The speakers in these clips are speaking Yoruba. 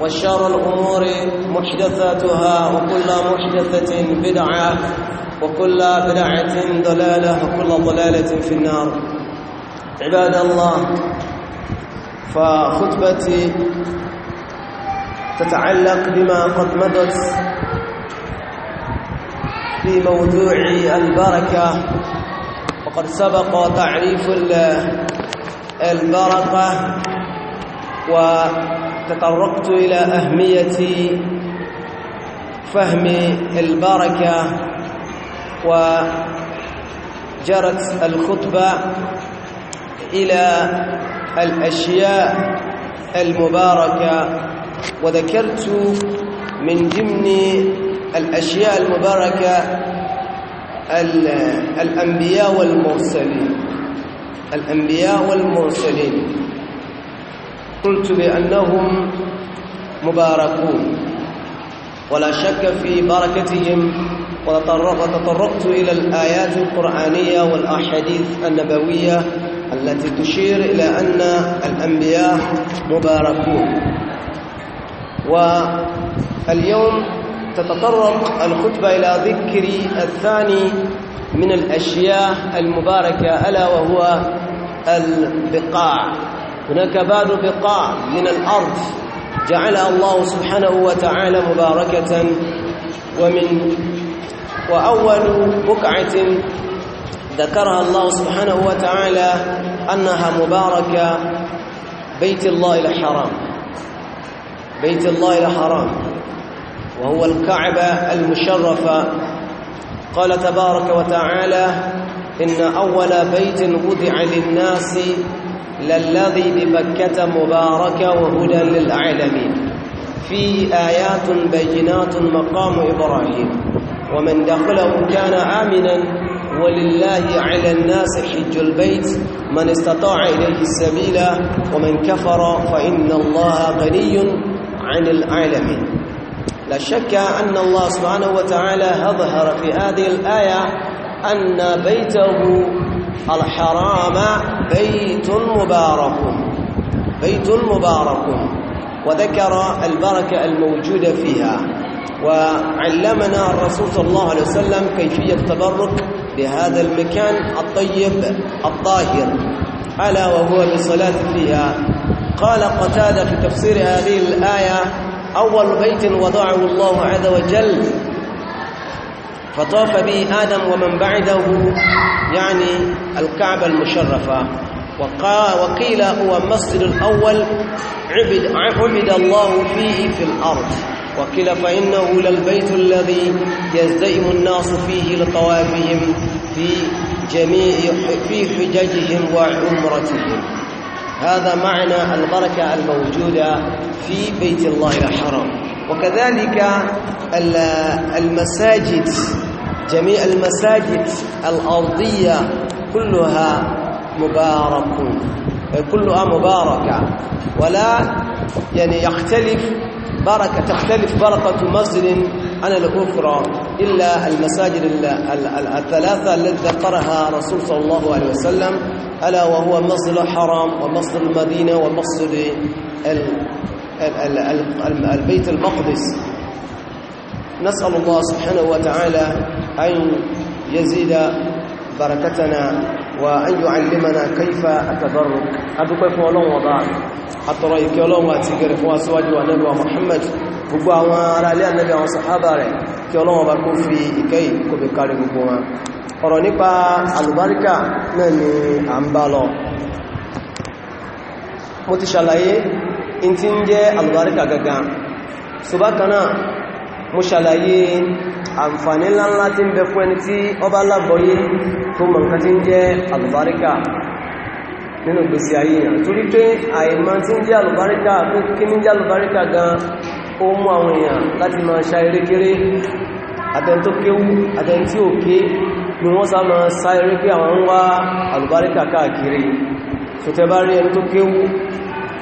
وشر الأمور محدثاتها وكل محدثة بدعة وكل بدعة ضلالة وكل ضلالة في النار عباد الله فخطبتي تتعلق بما قد مضت في موضوع البركة وقد سبق تعريف البركة وتطرقت إلى أهمية فهم البركة وجرت الخطبة إلى الأشياء المباركة وذكرت من ضمن الأشياء المباركة الأنبياء والمرسلين الأنبياء والمرسلين قلت بأنهم مباركون ولا شك في بركتهم وتطرقت إلى الآيات القرآنية والأحاديث النبوية التي تشير إلى أن الأنبياء مباركون واليوم تتطرق الخطبة إلى ذكر الثاني من الأشياء المباركة ألا وهو البقاع هناك بعض بقاع من الأرض جعلها الله سبحانه وتعالى مباركة ومن وأول بقعة ذكرها الله سبحانه وتعالى أنها مباركة بيت الله الحرام بيت الله الحرام وهو الكعبة المشرفة قال تبارك وتعالى إن أول بيت وضع للناس للذي بمكة مباركة وهدى للعالمين فيه آيات بينات مقام إبراهيم ومن دخله كان آمنا ولله على الناس حج البيت من استطاع إليه السبيل ومن كفر فإن الله غني عن العالمين لا شك أن الله سبحانه وتعالى أظهر في هذه الآية أن بيته الحرام بيت مبارك بيت مبارك وذكر البركة الموجودة فيها وعلمنا الرسول صلى الله عليه وسلم كيفية التبرك بهذا المكان الطيب الطاهر ألا وهو بالصلاة فيها قال قتادة في تفسير هذه الآية أول بيت وضعه الله عز وجل فطاف به آدم ومن بعده يعني الكعبة المشرفة وقيل هو المسجد الأول عبد, عبد الله فيه في الأرض وقيل فإنه للبيت الذي يزدئم الناس فيه لطوافهم في جميع في حججهم وعمرتهم هذا معنى البركة الموجودة في بيت الله الحرام وكذلك المساجد جميع المساجد الأرضية كلها مبارك كلها مباركة ولا يعني يختلف بركة تختلف بركة مسجد عن الأخرى إلا المساجد الثلاثة التي ذكرها رسول صلى الله عليه وسلم ألا وهو مسجد الحرام ومسجد المدينة ومسجد البيت المقدس نسأل الله سبحانه وتعالى أن يزيد بركتنا وأن يعلمنا كيف التبرك أبو كيف ولون وضع أترى يكيولون واتيقر فواسواج ونبي ومحمد gbogbo àwọn ará ilé ànàbí àwọn sàhábà rẹ̀ kí ọlọ́wọ́n bá kó fi ìkẹ́ ìkó bí kárí gbogbo wọn ọ̀rọ̀ nípa alùbáríkà náà ni a ń bá lọ mo ti ṣàlàyé in ti ń jẹ́ alùbáríkà gangan ṣùgbákanáà mo ṣàlàyé àǹfàní ńláńlá tí ń bẹ fún ẹni tí ọba lágbọ́yé tó mọ̀ nǹkan tí ń jẹ́ àlùbáríkà nínú gbèsè ayé yàn torí pé àìmọ̀ tí ń jẹ́ àlùbáríkà pé kí ní jẹ́ àlùbáríkà gan ó mú àwọn èèyàn láti máa ṣá erékeré ni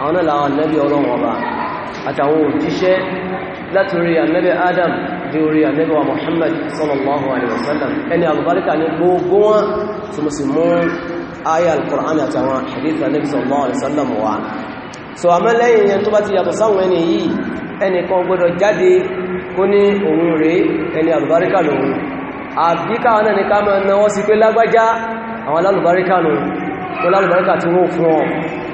àwọn náà làwọn ànábì ọlọ́run ọba àtàwọn òjíṣẹ́ láti orí ànábì adam dé orí ànábì wa muhammad sallallahu alaihi wasallam ẹni àlùbáríkà ní gbogbo wọn tí mo sì mú ayé alkùránì àtàwọn hadith ànábì sallallahu alaihi wasallam wa so àmọ́ lẹ́yìn yẹn tó bá ti yàtọ̀ sáwọn ẹni yìí ẹni kan gbọdọ̀ jáde kó ní òun rèé ẹni àlùbáríkà lòun àbíká náà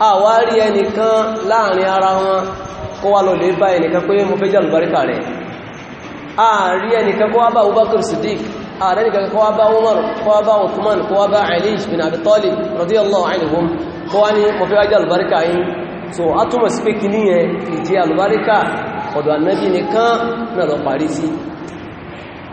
àwárí ẹnìkan láàrin ara wọn kó wá lọ lè bá ẹnìkan pé mo fẹ́ jàlùbáríkà rẹ̀ ààrí ẹnìkan kó wá bá Abubakar Siddiq ààrẹ nìkan kó wá bá Umar kó wá bá Uthman kó wá bá Ali bin Abi Talib radiyallahu anhum kó wá ní mo fẹ́ wá jàlùbáríkà yìí so a túnmọ̀ sí pé kí ní ẹ ìjẹ́ àlùbáríkà ọ̀dọ̀ ànábì nìkan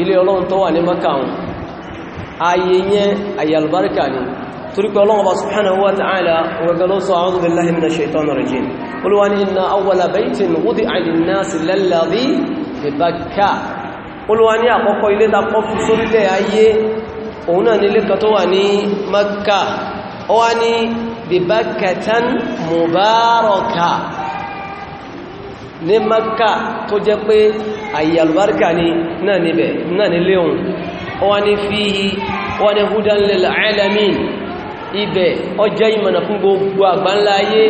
ilé ọlọ́run tó wà ní makaun ayé yẹn ayé albarka ni torípé ọlọ́run bá subhanahu wa ta'ala ọgbẹ̀gbẹ̀lọ́ sọ a'udhu billahi minash shaitanir rajim olúwa ní inna awwala baytin wudi'a linnasi lalladhi bi Bakka olúwa ní àkọ́kọ́ ilé tapọ́ fi sórílẹ̀ ayé òun náà ní Makka ní maka tó jẹ́ pé àyè albarka ni náà níbẹ̀ náà ní léhun wọ́n ni fi wọ́n ni hudan lil alamin ibẹ̀ ó jẹ́ ìmọ̀nà fún gbogbo àgbánláyé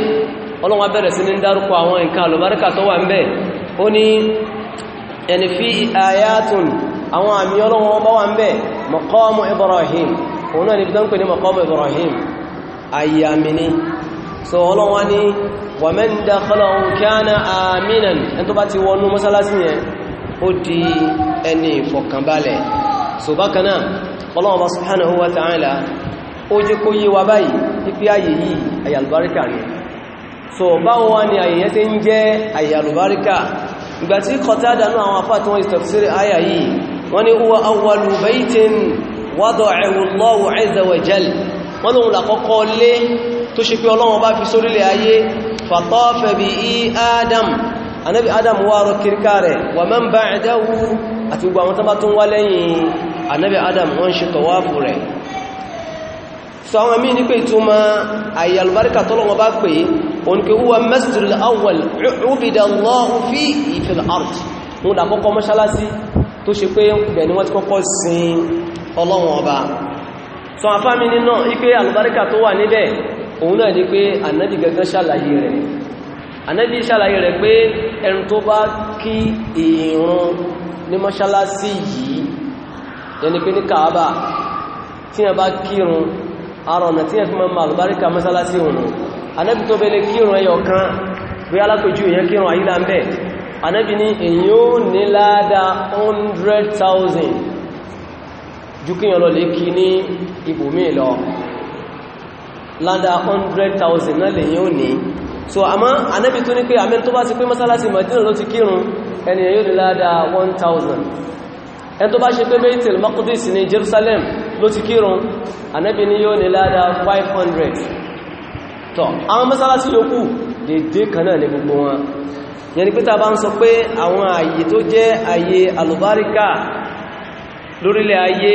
ọlọ́wọ́ bẹ̀rẹ̀ sí ní dárúkọ àwọn nǹkan albarka tó wà ń ó ní ẹni fi ayatun àwọn àmì ọlọ́wọ́ bá wà wa man dakhalahu kana aminan ẹni tó bá ti wọnú mọ́sálásí yẹn ó di ẹni ìfọ̀kànbalẹ̀ so bákanáà ọlọ́wọ́ subhanahu wa ta'ala ó jẹ́ kó yé wa báyìí ipi ayé yìí ayàlùbáríkà rẹ̀ so báwọn wá ni ayẹyẹ tí ń jẹ́ ayàlùbáríkà ìgbà tí kọta dánú àwọn afá tí wọ́n yìí tafsiri ayà tó ṣe pé Ọlọ́run bá fi sórílẹ̀ ayé fatafa bihi adam anábi adam wá rọ kíríká rẹ̀ wa man ba'dahu àti gbogbo àwọn tó bá tún wá lẹ́yìn anábi adam wọ́n ṣe tọwáfù rẹ̀ so àwọn mí ní pé ìtumọ̀ ayé albarka tọ́lọ́wọ́ bá pè oníkè huwa masjidul awwal ubida allahu fi fil ard mún àkọ́kọ́ mọ́ṣálásí tó ṣe pé bẹ̀ ni wọ́n ti kọ́kọ́ sin ọlọ́wọ́n ọba so àfámi nínú ipé albarka tó wà níbẹ̀ òun náà di pé ànábì gangan ṣàlàyé rẹ̀ ànábì ṣàlàyé rẹ̀ pé ẹni tó bá kí ìrun ní mọ́ṣálásí yìí yẹni pé ní kàábà tí a bá kírun arọ̀nà tí a fi mọ́ màlúbáríkà mọ́ṣálásí òun ànábì tó bẹ̀lẹ̀ kírun ẹyọ kan bí alápẹjú èyàn kírun àyílá ń bẹ̀ ànábì ní èyàn ó ní láàdá 100,000 jù kíyàn lọ lè kí ní ibòmí lọ ládá 100,000 náà lèyìn ò ní so àmọ́ anẹ́bì tó ní pé àmẹ́ tó bá ti pé mọ́sálásí Madina ló ti kírun ẹniyàn yóò ní ládá 1,000 ẹn tó bá ṣe pé Baitul Maqdis ní Jerusalem ló ti kírun anẹ́bì ní yóò ní ládá 500 tọ́ àwọn mọ́sálásí yòókù dédé kan náà ní gbogbo wọn yẹni pé ta bá ń sọ pé àwọn àyè tó jẹ́ àyè alùbáríkà lórílẹ̀ ayé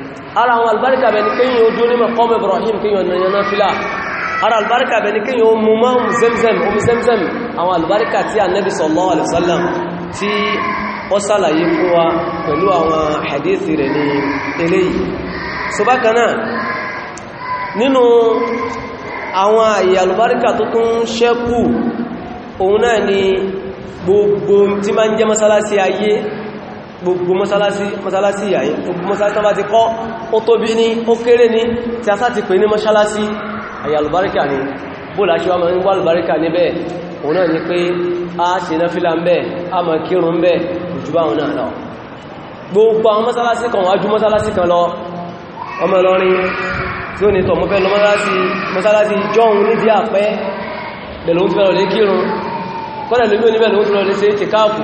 ara àwọn albarka bẹ̀ ní kíyàn ojú ní maqam Ibrahim kíyàn na yana fila ara albarka bẹ̀ ní kíyàn o mú máa zemzem omi zemzem àwọn albarka tí annabi sallallahu alaihi wasallam tí ó sàlàyé fún wa pẹ̀lú àwọn hadithi rẹ̀ ní eléyìí so bákanáà nínú àwọn àyè albarka tó tún ṣẹ́kù ni gbogbo tí máa ń jẹ́ masalasi ayé gbogbo mọ́sálásí mọ́sálásí ìyàyí gbogbo mọ́sálásí tán bá ti kọ́ ó tóbi ní ó kéré ní tí a sáti pè ní mọ́sálásí àyà alùbáríkà ní bóòlá ṣe wá mọ́ nígbà alùbáríkà níbẹ̀ òun náà ni pé a ṣe iná fílà ń bẹ̀ a mọ̀ kírun bẹ̀ òjúbá òun náà lọ gbogbo àwọn mọ́sálásí kan wájú mọ́sálásí kan lọ ọmọ Ìlọrin tí ó ní tọ̀ mọ́fẹ́ lọ mọ́sálásí jọun ní díà pẹ́ bẹ̀lú ń fẹ́ lọ lé kírun kọ́lẹ̀ lómi oníbẹ̀ lóun tó lọ lé ṣe é tìkáàkù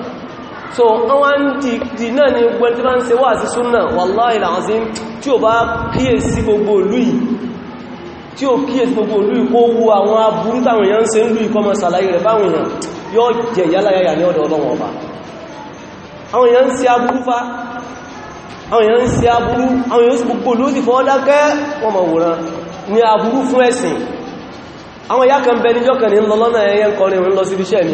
so àwọn dì náà ni gbọ́n tí bá ń ṣe wà sí súnnà wallahi alazim tí ó bá kíyèsí gbogbo ìlú yìí tí ó kíyèsí gbogbo ìlú yìí kó wú àwọn aburú táwọn èèyàn ń ṣe ń lú ikọ́ mọ́ sàlàyé rẹ̀ báwọn èèyàn yóò jẹ yálàyà ní ọ̀dọ̀ ọlọ́wọ̀n ọba àwọn èèyàn ń ṣe aburú fa àwọn èèyàn ń ṣe aburú àwọn èèyàn gbogbo ìlú sì fọ́ dákẹ́ wọ́n mọ̀ wòran ní aburú fún ẹ̀sìn àwọn ìyá kan bẹ níjọ́ kan ní lọ lọ́nà ẹyẹ ń kọrin ń lọ síbi iṣẹ́ mi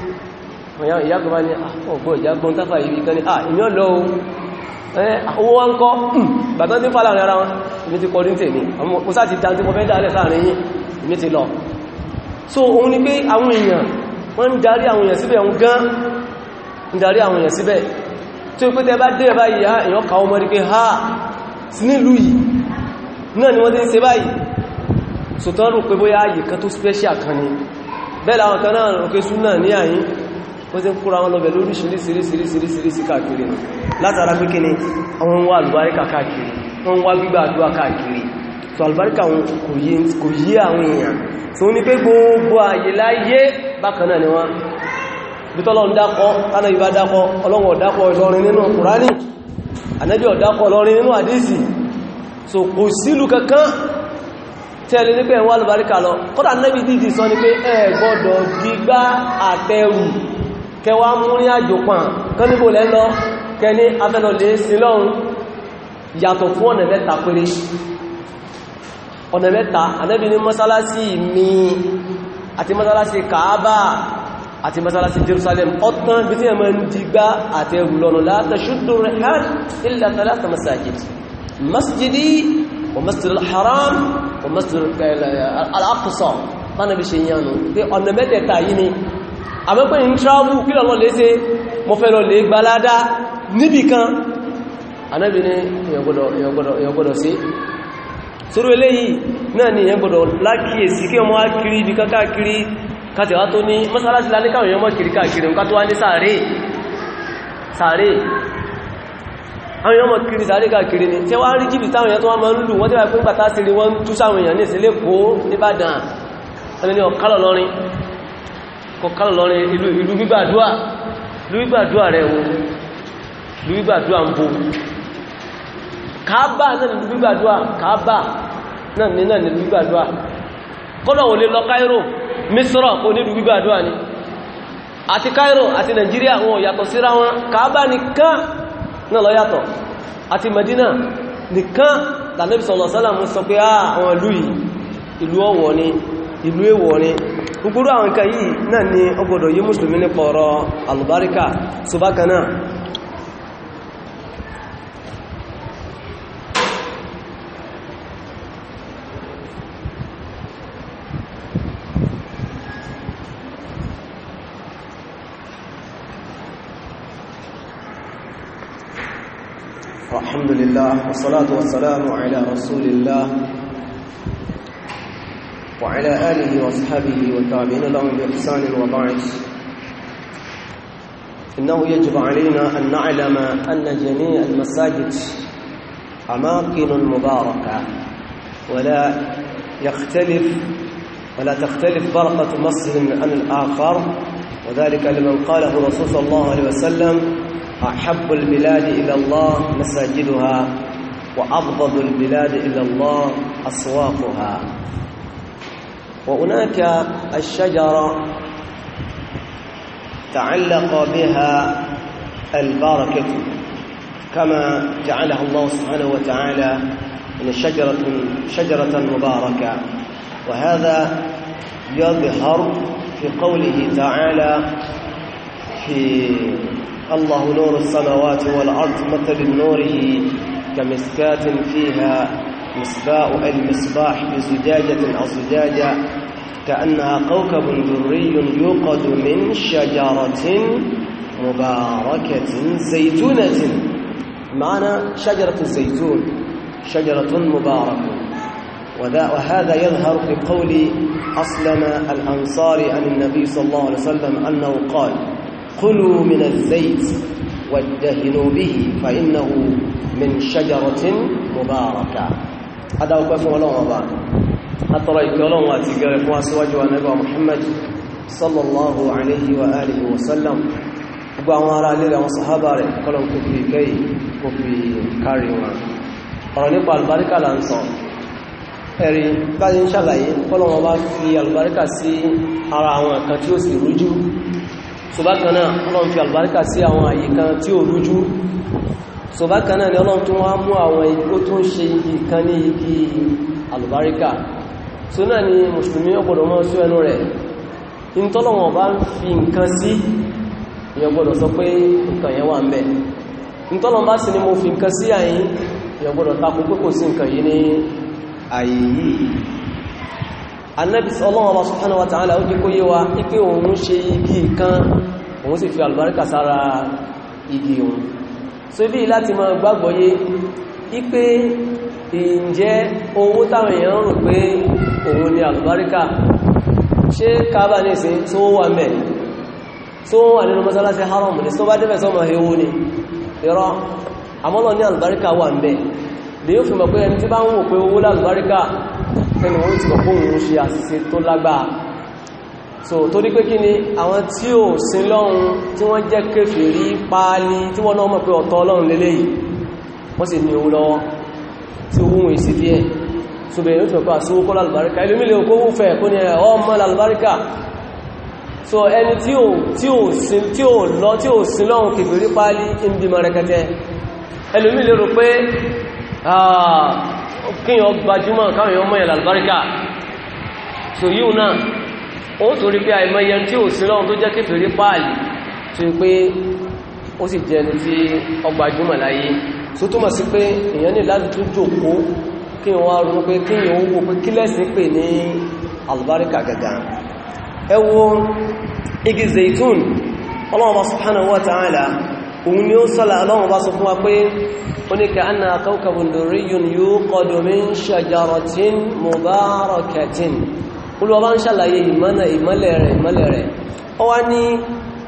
ìyàgbọ́n bá ní ọgbọ́n ah, ìyàgbọ́n tàfà ìbí kan ní àìyàn ah, lọ eh, owó wọ́n kọ́ hmm, bàtán tí fàlà rẹ̀ ara wọn ní ti kọrin tè ní mo sá ti dá tí mo fẹ́ dálẹ̀ sáàrin yìí ní ti lọ so òun ni pé àwọn èèyàn wọ́n ń darí àwọn èèyàn síbẹ̀ ń gán ń darí ah, ha sí nílùú yìí náà ni so tán rò pé bóyá àyè ni bẹ́ẹ̀ làwọn kan náà rò pé súnà ní àyín wọ́n tí ń kúra wọn lọ́bẹ̀ lórí ṣiríṣiríṣiríṣiríṣi káàkiri nù látara pé kíni àwọn ń wá àlùbáríkà káàkiri wọ́n ń wá gbígbà àdúrà káàkiri tó àlùbáríkà wọn kò yí àwọn èèyàn tó ní pé gbogbo àyè láyé bákan náà ni wọ́n bí tọ́lọ́run dákọ́ tánà ìbá dákọ́ so kò sílù kankan tẹ́lẹ̀ ní pé ẹ̀wọ́n alùbáríkà lọ kọ́dà ànábì dìdì sọ ní pé ẹ gbọ́dọ̀ gbígbá kẹwa múrí àjò pàn kán níbò lẹ́lọ kẹni afẹ́lọlẹ́ sí lọ́run yàtọ̀ fún ọ̀nà mẹ́ta péré ọ̀nà mẹ́ta Ànábì ní mọ́sálásí mi àti mọ́sálásí Kaaba àti mọ́sálásí Jerusalem ọ̀tán bí tí ẹmọ ń digbá àti ẹrù lọ́nà látàṣúdò rẹ̀ hàn illa thalatha masajid masjidi wa masjid al-haram wa masjid eh, àmọ́ pé ní travel kí lọ́lọ́ lè ṣe mo fẹ́ lọ lè gbalada níbì kan anábi ní ìyọ̀gbọ̀dọ̀ sí sórú eléyìí náà ni ìyọ̀gbọ̀dọ̀ lákìíyèsí kí ọmọ akiri ibi kákàkiri kàtẹ̀wá tó ní mọ́sálásí lálékàwò yọmọ́ kiri káàkiri nǹkan tó wá ní sàárè sàárè àwọn èèyàn mọ̀ kiri sàárè káàkiri ni tí wọ́n rí jìbì táwọn èèyàn tó wá máa ń lù wọ́n tí wà pín pàtàkì wọ́n tú sáwọn èèyàn ní ìsìnlẹ̀ kó nìbàdàn ẹni ọ̀kálọ̀ lọ́rin kọkànlọ lọrin ìlú gbígbàdúà ìlú gbígbàdúà rẹ̀ wo ìlú gbígbàdúà ń bo kàábà náà ìlú gbígbàdúà kàábà náà ni náà ìlú gbígbàdúà kọ́nà ò lọ Cairo misra kò ní ìlú ni àti Cairo àti Nàìjíríà wọn yàtọ̀ síra wọn kàábà nìkan náà lọ yàtọ̀ àti Medina nìkan tàbí sọ̀lọ̀sọ́lá mú sọ pé ah, àwọn ìlú yìí ìlú ọ̀wọ̀ ni ìlú èwọ̀ ni gbogbo àwọn nǹkan yìí náà ni ó gbọdọ̀ yí mùsùlùmí nípa ọ̀rọ̀ alùbáríkà tó bákaná alhamdulillah wassalatu wassalamu ala rasulillah وعلى آله وأصحابه والتابعين لهم بإحسان وبعد إنه يجب علينا أن نعلم أن جميع المساجد أماكن مباركة ولا يختلف ولا تختلف بركة مسجد عن الآخر وذلك لمن قاله الرسول صلى الله عليه وسلم أحب البلاد إلى الله مساجدها وأبغض البلاد إلى الله أسواقها وهناك الشجرة تعلق بها البركة كما جعلها الله سبحانه وتعالى من شجرة, شجرة مباركة وهذا يظهر في قوله تعالى في الله نور السماوات والأرض مثل نوره كمسكات فيها مصباح المصباح بزجاجة زجاجة كأنها كوكب دري يوقد من شجرة مباركة زيتونة معنى شجرة الزيتون شجرة مباركة وهذا يظهر في قول أسلم الأنصاري عن النبي صلى الله عليه وسلم أنه قال كلوا من الزيت وادهنوا به فإنه من شجرة مباركة adáwọ̀pẹ́ fún ọlọ́run ọba atọ́rọ ìkẹ́ ọlọ́run àti gẹ̀rẹ̀ fún aṣíwájú wa nẹ́bà Muhammad sallallahu alaihi wa alihi wa sallam gbogbo àwọn ará ilé àwọn sàhábà rẹ̀ kọ́lọ̀n kò fi ìkẹ́ yìí kò fi kárí wọn ọ̀rọ̀ nípa albarika là ń sọ ẹ̀rí báyé ń ṣàlàyé kọ́lọ̀n ọba fi albarika sí ara àwọn kan tí ó sì rújú ṣùgbọ́n kan náà kọ́lọ̀n fi albarika sí àwọn àyíkan tí ó rújú so bákan náà ni ọlọ́run tó wá mú àwọn igbó tó ń ṣe igi kan ní igi alùbáríkà so náà ni mùsùlùmí ọgbọ̀dọ̀ mọ́ sí ẹnu rẹ̀ in tọ́lọ̀wọ̀n bá ń fi nǹkan sí èyàn gbọ́dọ̀ sọ pé nǹkan yẹn wà ń bẹ̀ in tọ́lọ̀wọ̀n bá sì ni mo fi nǹkan sí àyín èyàn gbọ́dọ̀ takò pé kò sí nǹkan yìí ní àyè yìí Ànábì Ọlọ́run subhanahu wa ta'ala ó jẹ́ kó so bí láti máa gbàgbọ́ yé ipé ìjẹ́ owó táwọn èèyàn rò pé òun ni àlùbáríkà ṣe káàbà ní ìsìn tó wà mẹ́ tó wà nínú mọ́sálásí haram ní tó bá dẹ́fẹ̀ sọ́mọ̀ ewu ni ìrọ́ àmọ́lọ ní àlùbáríkà wà mẹ́ lè yóò fi mọ̀ pé ẹni tí bá ń wò pé owó lálùbáríkà ẹni wọ́n ti mọ̀ pé òun ṣe so torí pé kí ni àwọn tí ò sin lọ́run tí wọ́n jẹ́ kèfèrí páálí tí wọ́n náà mọ̀ pé ọ̀tọ̀ ọlọ́run lélẹ́yìí wọ́n sì ní owó lọ́wọ́ tí owó wọn èsì díẹ̀ so bẹ̀rẹ̀ lóṣùn pé àṣíwó kọ́ lálùbáríkà ilúmílẹ̀ okówó fẹ́ kó ní ọmọ lálùbáríkà so ẹni tí ò sin tí ò lọ tí ò sin lọ́run kèfèrí páálí ń bí mọ̀rẹ̀kẹtẹ ẹlòmílẹ̀ rò pé kíyàn gbajúmọ̀ káwọn èèyàn mọ̀ yẹn so yíò náà ó torí pé àìmọye tí ò sí si tó jẹ́ kéfèrè páàlì tó pé ó sì jẹ́ si tí ọgbà jùmọ̀ láyé tó túnmọ̀ sí pé èèyàn ní láti tún jòkó kí wọ́n rú pé kí yíò wó pé kí lẹ́sìn pè ní albáríkà gàgà ẹ ka anna kawkabun durriyun yuqadu min shajaratin mubarakatin olúwa bá ń ṣàlàyé ìmọ́nà ìmọ́lẹ̀ rẹ̀ ìmọ́lẹ̀ rẹ̀ ọ wá ní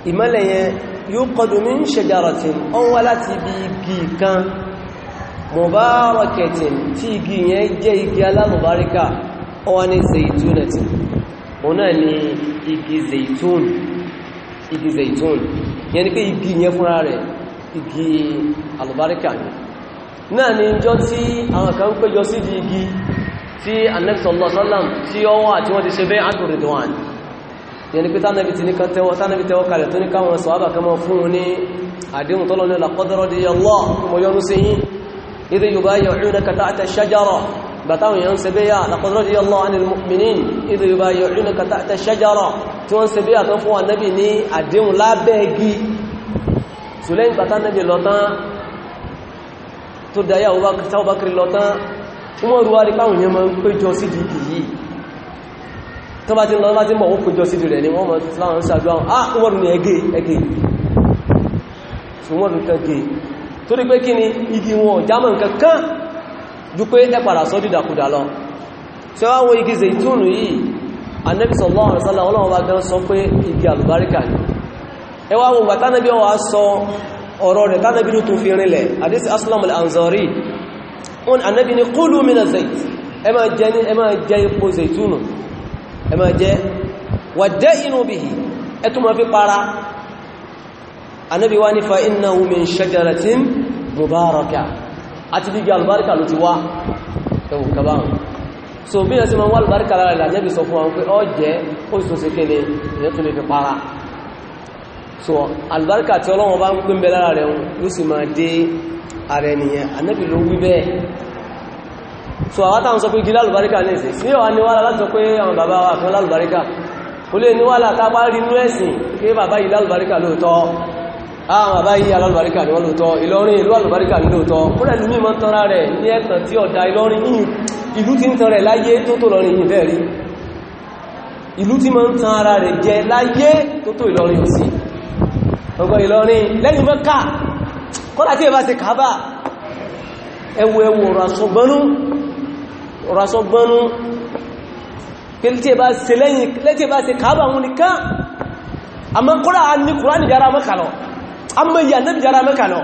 ìmọ́lẹ̀ yẹn yóò kọdù min shajaratin ọ wá láti ibi igi kan mubarakatin tí igi yẹn jẹ́ igi alálùbáríkà ọ wá ní zaitunatin òun náà ni igi zaitun igi tí Ànábì sallallahu alaihi wasallam tí ó wà tí wọ́n ti ṣe bẹ́ẹ̀ àtò Ridwan yẹni pé tánàbí ti ní kan tẹ́wọ́ tánàbí tẹ́wọ́ kalẹ̀ tó ní káwọn sọ̀hábà kan mọ́ fún un ní àdéhùn tọ́lọ ní laqad radiyallahu mọ̀ yọnu sí yí idh yubayyi'unaka tahta ash-shajara bàtàwọn yẹn ń ṣe bẹ́yà tí wọ́n ruwa rí káwọn yẹn máa ń péjọ sídi yìí tó bá ti lọ láti mọ̀ wọ́n péjọ sídi rẹ̀ ni wọ́n mọ̀ láwọn ń sàdúwà ah wọ́n ni ẹgẹ́ ẹgẹ́ so wọ́n nǹkan gẹ́ torí pé kí ni igi wọn jámọ̀ nǹkan kan ju pé ẹ padà sọ dídàkudà lọ tí wọ́n wọ́n igi zaitunu yìí Ànábì sallallahu alaihi wasallam ọlọ́run bá gan sọ pé igi àlùbáríkà ni ẹ wá wọn gbà ọ̀rọ̀ rẹ̀ tánàbí ló tún fi rinlẹ̀ àdísì aslam al-anzari on annabi ni kulu mina zait ẹ máa jẹ ní ẹ máa jẹ epo zaitunu ẹ máa jẹ wà jẹ́ inú bihi ẹ tún máa fi para annabi wá ní fa innahu min shajaratin mubaraka àti bí i albarka ló ti wá ẹwù kabáhùn so bí i ma wá albarka lára ilẹ̀ annabi sọ fún wọn pé ọ jẹ́ ó sì tún sí kéde ìyẹ́ tún lè fi para so albarka tí ọlọ́wọ́ bá ń pín bẹ lára rẹ̀ yóò sì máa dé ààrẹ nìyẹn ànábì ló wí bẹ́ẹ̀ so àwọn táwọn sọ pé igi lálùbáríkà ní ìsìn sí ọ̀wá níwàlá láti sọ pé àwọn bàbá wa kan lálùbáríkà kò lè níwàlá tá bá rí inú ẹ̀sìn pé bàbá yìí lálùbáríkà lóòótọ́ àwọn bàbá yìí alálùbáríkà ni wọ́n lóòótọ́ Ìlọrin ìlú àlùbáríkà ní lóòótọ́ kúrẹ̀ ọgbọ̀n Ìlọrin lẹ́yìn mọ́ká kọ́lá tí ẹ bá ṣe kàábà ẹwọ ẹwọ ọ̀rọ̀sọ̀gbọ́nú ọ̀rọ̀sọ̀gbọ́nú pẹ̀lú tí ẹ bá ṣe lẹ́yìn lẹ́tí ẹ bá ṣe kàábà wọn nìkan a mọ́ kọ́lá ní kùránì dára mẹ́kàlọ̀ a mọ́ yà náà dára mẹ́kàlọ̀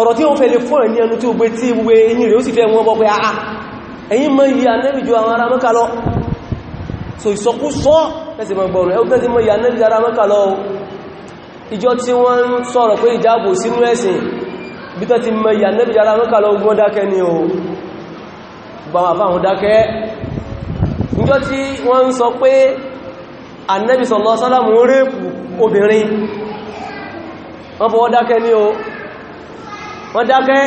ọ̀rọ̀ tí wọ́n fẹ́ lè fún ẹni ẹnu tí ó gbé tí wé eyín rẹ̀ ó sì fẹ́ ará mẹ́kàlọ̀ so ìjọ tí wọ́n ń sọ̀rọ̀ pé ìjábò sínú ẹ̀sìn bí tọ́ ti mọ ìyà nẹ́bì yàrá mọ́kà lọ gbọ́ dákẹ́ ni o gbàmà fáwọn dákẹ́ ìjọ tí wọ́n ń sọ pé ànẹ́bì sọ̀lọ́ sálàmù rẹ́pù obìnrin wọ́n fọwọ́ dákẹ́ ni o wọ́n dákẹ́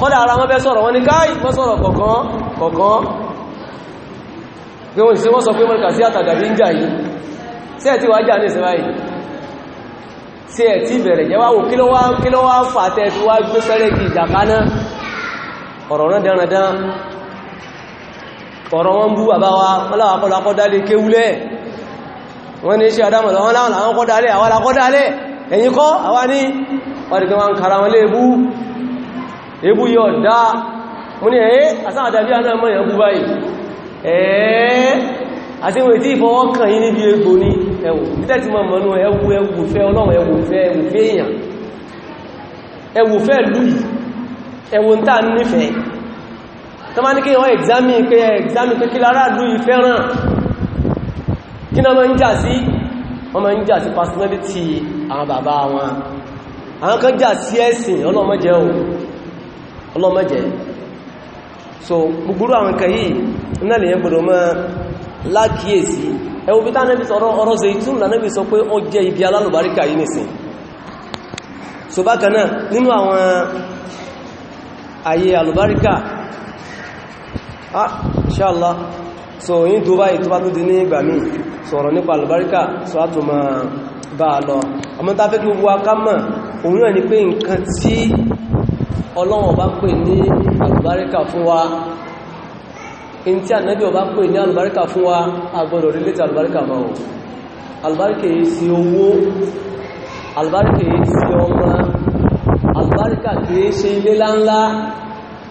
kọ́dà ara wọ́n fẹ́ sọ̀rọ̀ wọ́n ni káì ní ìsinmi sí ẹ̀ tí bẹ̀rẹ̀ jẹ́ wáwò kí ló wá ń fà tẹ́ fi wá gbé fẹ́rẹ́ kí ìjàmbá náà ọ̀rọ̀ náà dáradán ọ̀rọ̀ wọn bú bàbá wa wọ́n láwọn akọ́lọ́ akọ́dálé kéwúlẹ̀ wọ́n ní ṣe adámọ̀lọ́ wọ́n láwọn àwọn akọ́dálẹ̀ àwọn akọ́dálẹ̀ ẹ̀yìn kọ́ àwa ní ọdíkẹ́ wọn kara wọn lé ebú ebú yọ dá mú ní ẹ̀ẹ́ asáàdàbí anáàmọ́ ìyàgbú báyìí ẹ̀ẹ́ àti ẹwù títẹ́tí ma mọ̀nú ẹwù ẹwù fẹ́ ọlọ́run ẹwù fẹ́ èèyàn ẹwù fẹ́ lùí ẹwù ń tà nífẹ̀ẹ́ tó má ní kí wọ́n ẹ̀gzámi pé ẹ̀gzámi pé kí lára lùí fẹ́ràn kí náà mọ́ ń jà sí wọ́n mọ́ ń jà sí àwọn bàbá wọn àwọn kan jà sí ẹ̀sìn so gbogbo àwọn náà lè yẹn mọ́ lákìíyèsí ẹwùbí tá nẹ́bí sọ ọ̀rọ̀ zaitun na nẹ́bí sọ pé ó jẹ́ ibi alálùbáríkà yìí nìsìn so bákanáà nínú àwọn ayé alùbáríkà ah inshallah so yí tó báyìí tó bá tó di ní ìgbà mí sọ̀rọ̀ nípa alùbáríkà so á tó ma bá a lọ àmọ́ in tí ànábí ọba pè ní albarka fún wa agbọ́dọ̀ relate albarka ma o albarka yìí sí owó albarka yìí sí ọmọ albarka kìí ṣe ilé láńlá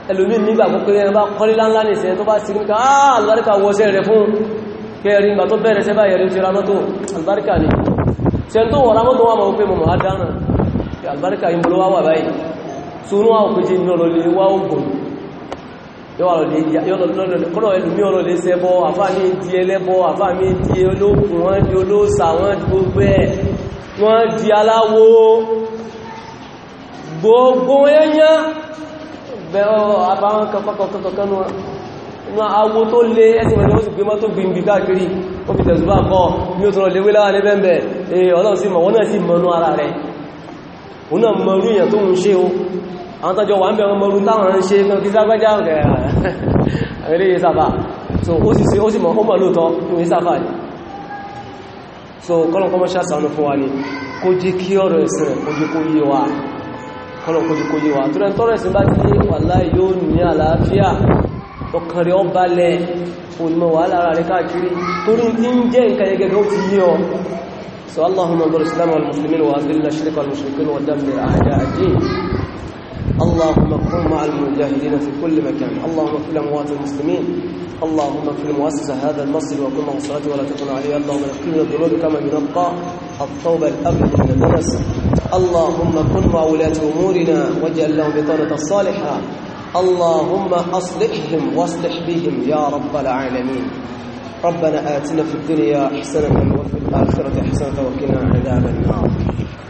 ẹlòmí nígbà púpẹ́ ẹni bá kọ́lé láńlá ní ìsẹ́yẹn tó bá sí níka albarka wọ́sẹ̀ rẹ̀ fún kẹrin ìgbà tó bẹ̀rẹ̀ sẹ́bà yẹ̀rẹ̀ ti ramọ́tò albarka ni ṣe tó wọ̀ ramọ́tò wà máa pé mọ̀mọ̀ adánà albarka yìí mọ́lọ́wà wà báyìí túnú àwọn òpèjì nọ́lọ́lẹ̀ wá ogun yọ́wà lọ́lọ́ lè sẹ́bọ́ àfá ní di ẹlẹ́bọ́ àfá ní di olóògùn wọ́n di olóòsà wọ́n di gbogbo ẹ̀ wọ́n di aláwo gbogbo ẹ̀yán bẹ̀rọ àbáwọn kankankankanú inú awo tó lé ẹsìn mẹ́rin ó sì gbé mọ́tò gbìmbì káàkiri ó fi tẹ̀sùbá kọ́ ní ó tọrọ léwé láwà ní bẹ́ẹ̀bẹ̀ ọlọ́run sí mọ̀ wọ́n náà sì mọ̀nú ara rẹ̀ òun náà mọ̀rú èèyàn tó ń ṣe o àwọn tọ́jọ wà ń bẹ̀rẹ̀ mọ̀rú táwọn ń ṣe kan kí ságbájá ọ̀gẹ̀rẹ̀ àwọn so ó sì ó sì mọ̀ ó mọ̀ lóòtọ́ ní sáfà ní so kọ́lọ̀kọ́mọ́ sàánú fún wa ní kó jí kí ọ̀rọ̀ ẹ̀sìn rẹ̀ kó jí kó yé wa kọ́lọ̀kọ́ jí kó yé wa torí tọ́rọ̀ ẹ̀sìn bá ti wàláhì so allahumma gbọ́rọ̀ islam al-muslimin wa azil al-shirka al-mushrikin wa damir a'da اللهم اكن مع المجاهدين في كل مكان اللهم اغفر اموات المسلمين اللهم في المؤسسة هذا المسجد وكن مؤسساته ولا تكن عليه اللهم نقينا الذنوب كما ينقى الثوب الابيض من الناس اللهم كن مع ولاة امورنا واجعل لهم بطانة الصالحة اللهم اصلحهم واصلح بهم يا رب العالمين ربنا آتنا في الدنيا حسنة وفي الآخرة حسنة وقنا عذاب النار